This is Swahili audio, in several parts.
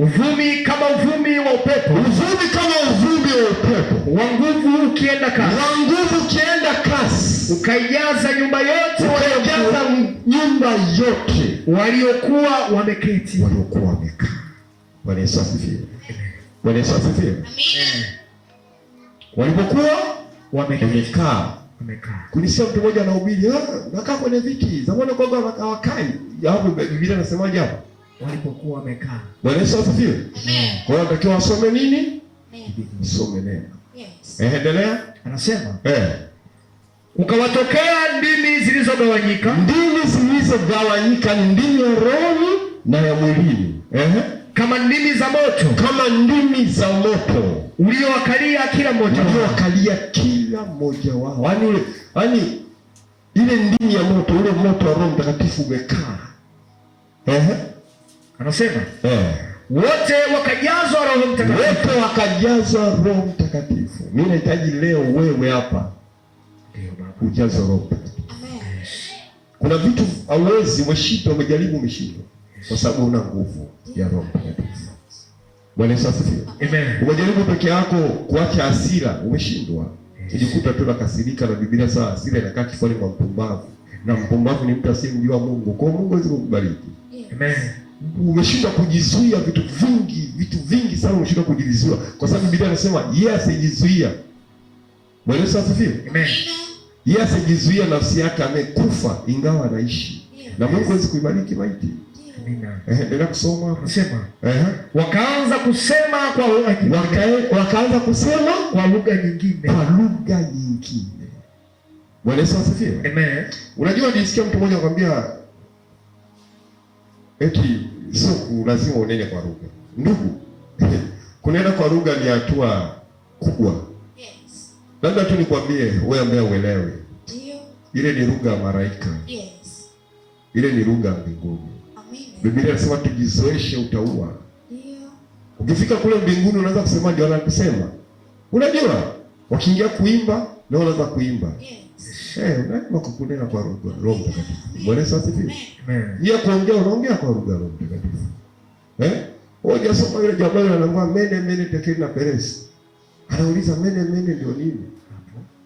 Uvumi kama uvumi wa upepo, uvumi kama uvumi wa upepo wa nguvu ukienda kasi, wa nguvu ukienda kasi, ukaijaza nyumba yote, ukaijaza nyumba yote waliokuwa wameketi, waliokuwa wamekaa. Bwana Yesu asifiwe! Bwana Yesu asifiwe! Walipokuwa wamekaa wamekaa, kulisikia mtu mmoja anahubiri, nakaa ah, kwenye viti, zamani kwa hawakai hapo. Yaani, Biblia inasemaje hapo? walipokuwa wamekaa. Bwana Yesu asifiwe. Amen. Kwa hiyo natakiwa asome nini? Asome neno. Yes. Eh, Endelea. Anasema eh, ukawatokea ndimi zilizogawanyika. Ndimi zilizogawanyika ni ndimi ya roho na ya mwilini. Eh. Kama ndimi za moto, kama ndimi za moto uliowakalia kila mmoja wao, uliowakalia kila mmoja wao. Yaani, yaani ile ndimi ya moto, ule moto wa Roho Mtakatifu umekaa. Eh. Ehe anasema eh. wote wakajazwa Roho Mtakatifu, wote wakajazwa Roho Mtakatifu. Mimi nahitaji leo wewe hapa ujazwa Roho Mtakatifu. Kuna vitu hauwezi, umeshindwa, umejaribu, umeshindwa kwa sababu una nguvu ya Roho Mtakatifu. Bwana Yesu asifiwe. Amen. Umejaribu peke yako kuacha hasira, umeshindwa. Ujikuta tu nakasirika na Biblia saa hasira inakaa kifuani mwa mpumbavu. Na mpumbavu ni mtu asiyemjua Mungu. Kwa Mungu hawezi kukubariki. Amen umeshindwa kujizuia vitu vingi, vitu vingi sana umeshindwa kujizuia, kwa sababu Biblia inasema yeye asijizuia. Bwana Yesu asifiwe, amen. Yeye asijizuia nafsi yake, amekufa ingawa anaishi, na Mungu hawezi kuibariki maiti. Endelea kusoma. Anasema wakaanza kusema kwa lugha nyingine, wakaanza kusema kwa lugha nyingine, kwa lugha nyingine. Bwana Yesu asifiwe, amen. Unajua nilisikia mtu mmoja akwambia eti sio lazima unene kwa lugha. Ndugu, kunena kwa lugha ni hatua kubwa. Yes. Labda tu nikwambie wewe ambaye uelewe. Ndio. Ile ni lugha ya malaika. Yes. Ile ni lugha ya mbinguni. Amen. Biblia inasema tujizoeshe utaua. Ndio. Ukifika kule mbinguni unaweza kusema ndio wanakusema. Unajua, wakiingia kuimba na wanaanza kuimba. Yes. Wakukunena kwa Roho Mtakatifu. Bwana asifiwe. Yeye kuongea unaongea kwa lugha ya Roho Mtakatifu. Eh? Hujasoma ile Zaburi anaambia mene mene tekeli na peresi. Anauliza mene mene ndio nini?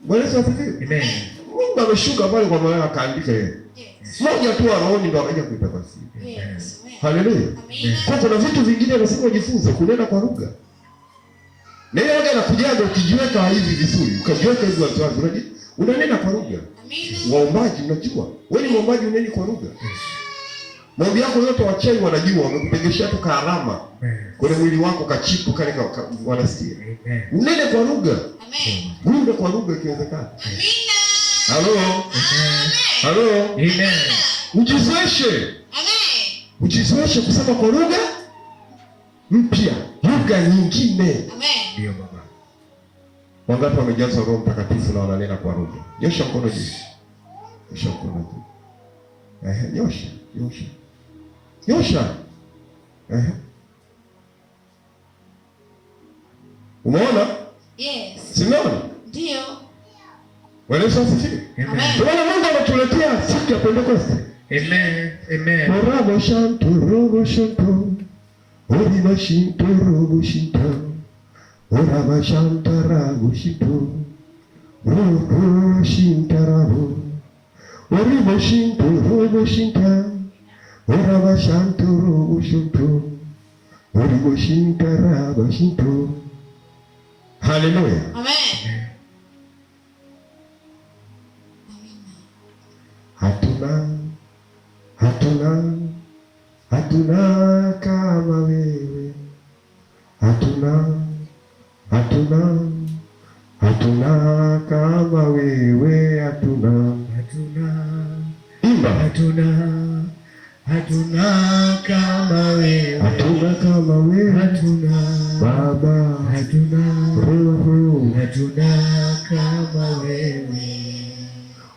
Bwana asifiwe. Amen. Mungu ameshuka pale kwa maana akaandika yeye. Moja tu rohoni ndio akaja kuitafsiri. Yes. Haleluya. Kwa kuna vitu vingine lazima ujifunze kunena kwa lugha. Na hiyo yoga ukijiweka hivi vizuri, ukajiweka hivi watu wangu, unajua, unanena kwa lugha. Amina. Waombaji unajua. Wewe ni muombaji unaneni kwa lugha. Maombi yako yote wachai wanajua, wamekupegeshea tu karama. Kwenye mwili wako kachipu kale ka, ka, wanasikia. Unene kwa lugha. Amen. Unene kwa lugha ikiwezekana. Amina. Halo. Halo. Amen. Ujizoeshe. Amen. Ujizoeshe kusema kwa lugha mpya, lugha nyingine. Amen. Ndio baba. Wangapi wamejaza Roho Mtakatifu na wananena kwa lugha? Nyosha mkono juu. Nyosha mkono juu. Eh, nyosha, nyosha. Nyosha. Eh. Umeona? Yes. Simeona? Ndio. Wewe sasa sisi. Amen. Tunaona Mungu anatuletea siku ya Pentecoste. Amen. Amen. Rogo shantu, rogo shantu. Odi mashintu, rogo shintu. Rabashantara Ushipu, Rushintarahu, Uribashintu, Rubashinta, Rabashanturu Ushipu, Uribashintara Bashintu. Aleluia. Amém. Atuna, atuna, atuna, kama wewe, atuna. hatuna, hatuna kama wewe, hatuna, hatuna, imba, hatuna, hatuna kama wewe, hatuna kama wewe, hatuna Baba, hatuna Roho, hatuna kama wewe.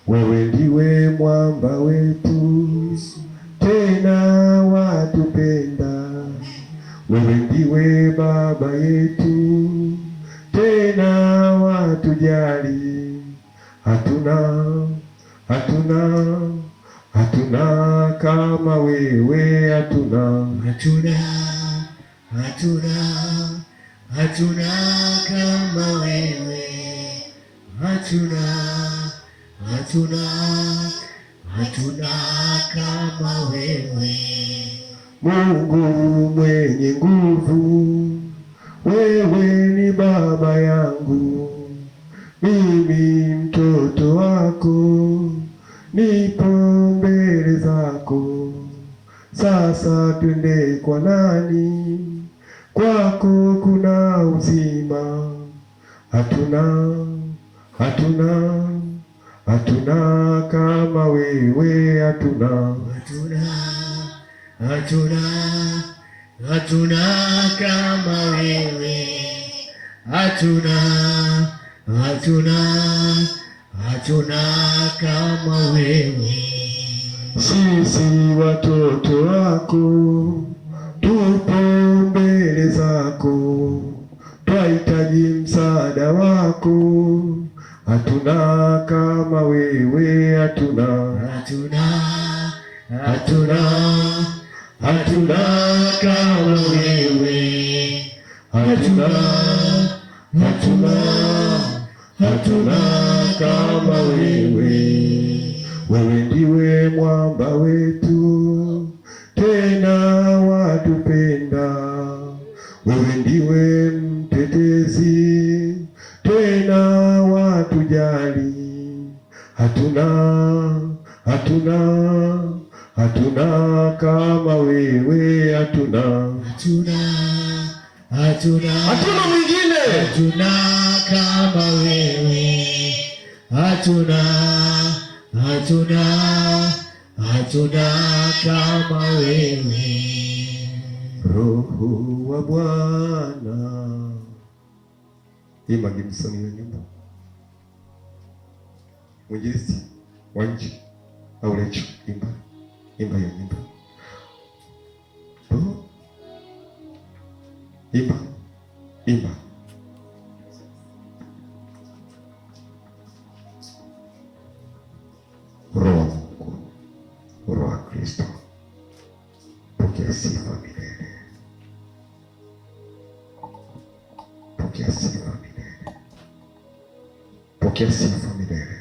Wewe ndiwe mwamba wetu, tena watupenda. Wewe ndiwe baba yetu kujali, hatuna hatuna hatuna kama wewe, hatuna hatuna hatuna hatuna kama wewe, hatuna hatuna hatuna kama wewe, Mungu mwenye nguvu, wewe ni baba yangu mimi mtoto wako nipo mbele zako, sasa twende kwa nani? Kwako kuna uzima. Hatuna, hatuna, hatuna kama wewe, hatuna, hatuna, hatuna, hatuna kama wewe, hatuna hatuna hatuna kama wewe, sisi watoto wako tupo mbele zako, twahitaji msaada wako, hatuna kama wewe, hatuna hatuna hatuna hatuna kama wewe hatuna hatuna kama wewe, wewe ndiwe mwamba wetu, tena watupenda, wewe ndiwe mtetezi, tena watujali, hatuna hatuna hatuna kama wewe, hatuna hatuna hatuna hatuna mwingine hatuna kama wewe hatuna hatuna hatuna kama wewe. Roho wa Bwana, ima Gibson hiyo nyumba Mwinjilisti wa nchi au lecho, imba imba hiyo nyimbo, imba imba Pokea sifa milele, pokea sifa milele.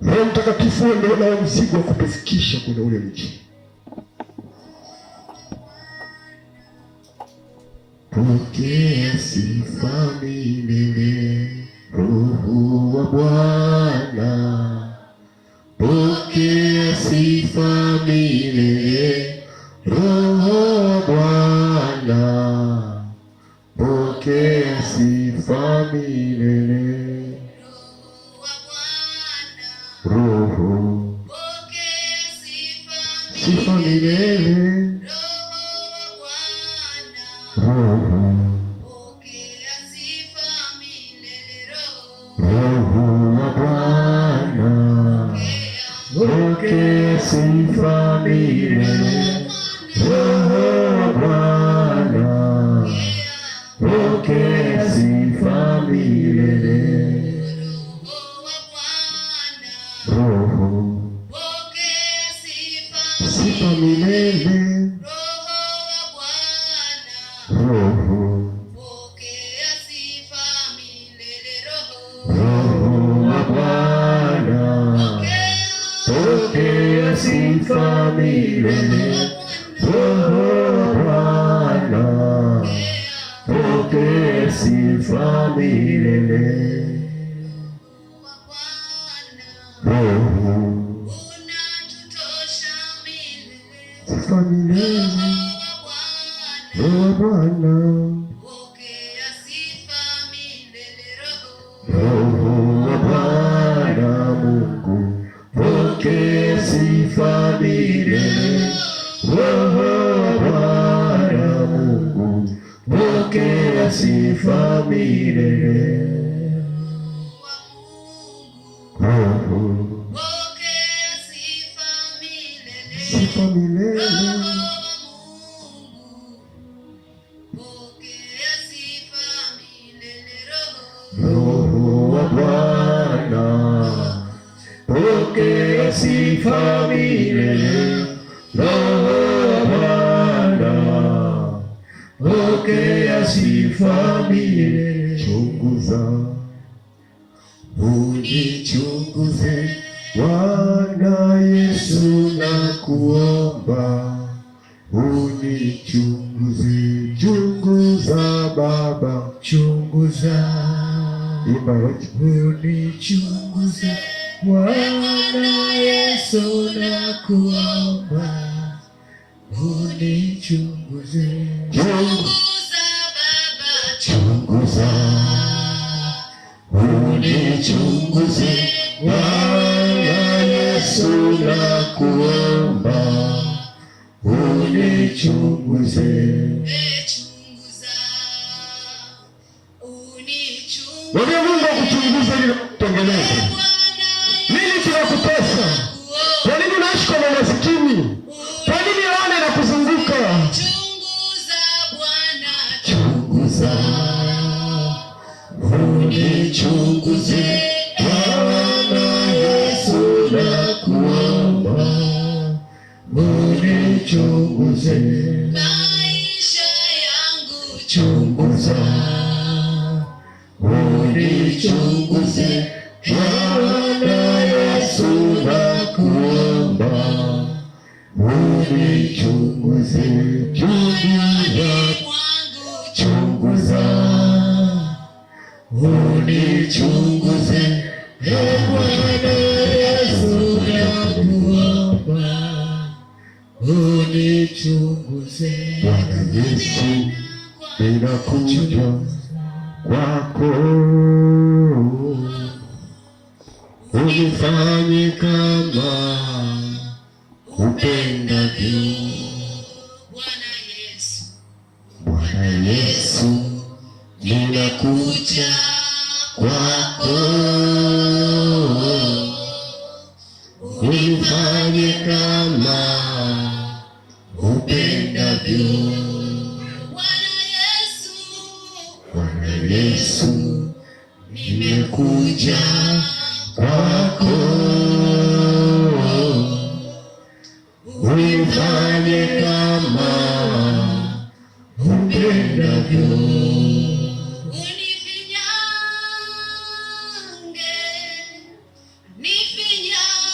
Roho Mtakatifu ndio nao mzigo wa kutufikisha kwenye ule mji. Pokea sifa milele, Roho wa Bwana, pokea sifa milele wake sifa milele. Roho Bwana wake sifa milele. Roho sifa milele sifa milele. Sifa milele. Roho wa Bwana pokea sifa milele. nifamie. Chunguza, unichunguze Bwana Yesu, kuomba unichunguze. Chunguza Baba, chunguza, unichunguze Bwana Yesu, nakuomba unichunguze unichunguze, unichunguze, Bwana Yesu nakuomba, unichunguze. Mungu akuchunguze ili akutengeneze. nichunguze, Bwana Yesu, nakuomba unichunguze. Bwana Yesu, ninakuja kwako, unifanye kama upendavyo. Yesu, nimekuja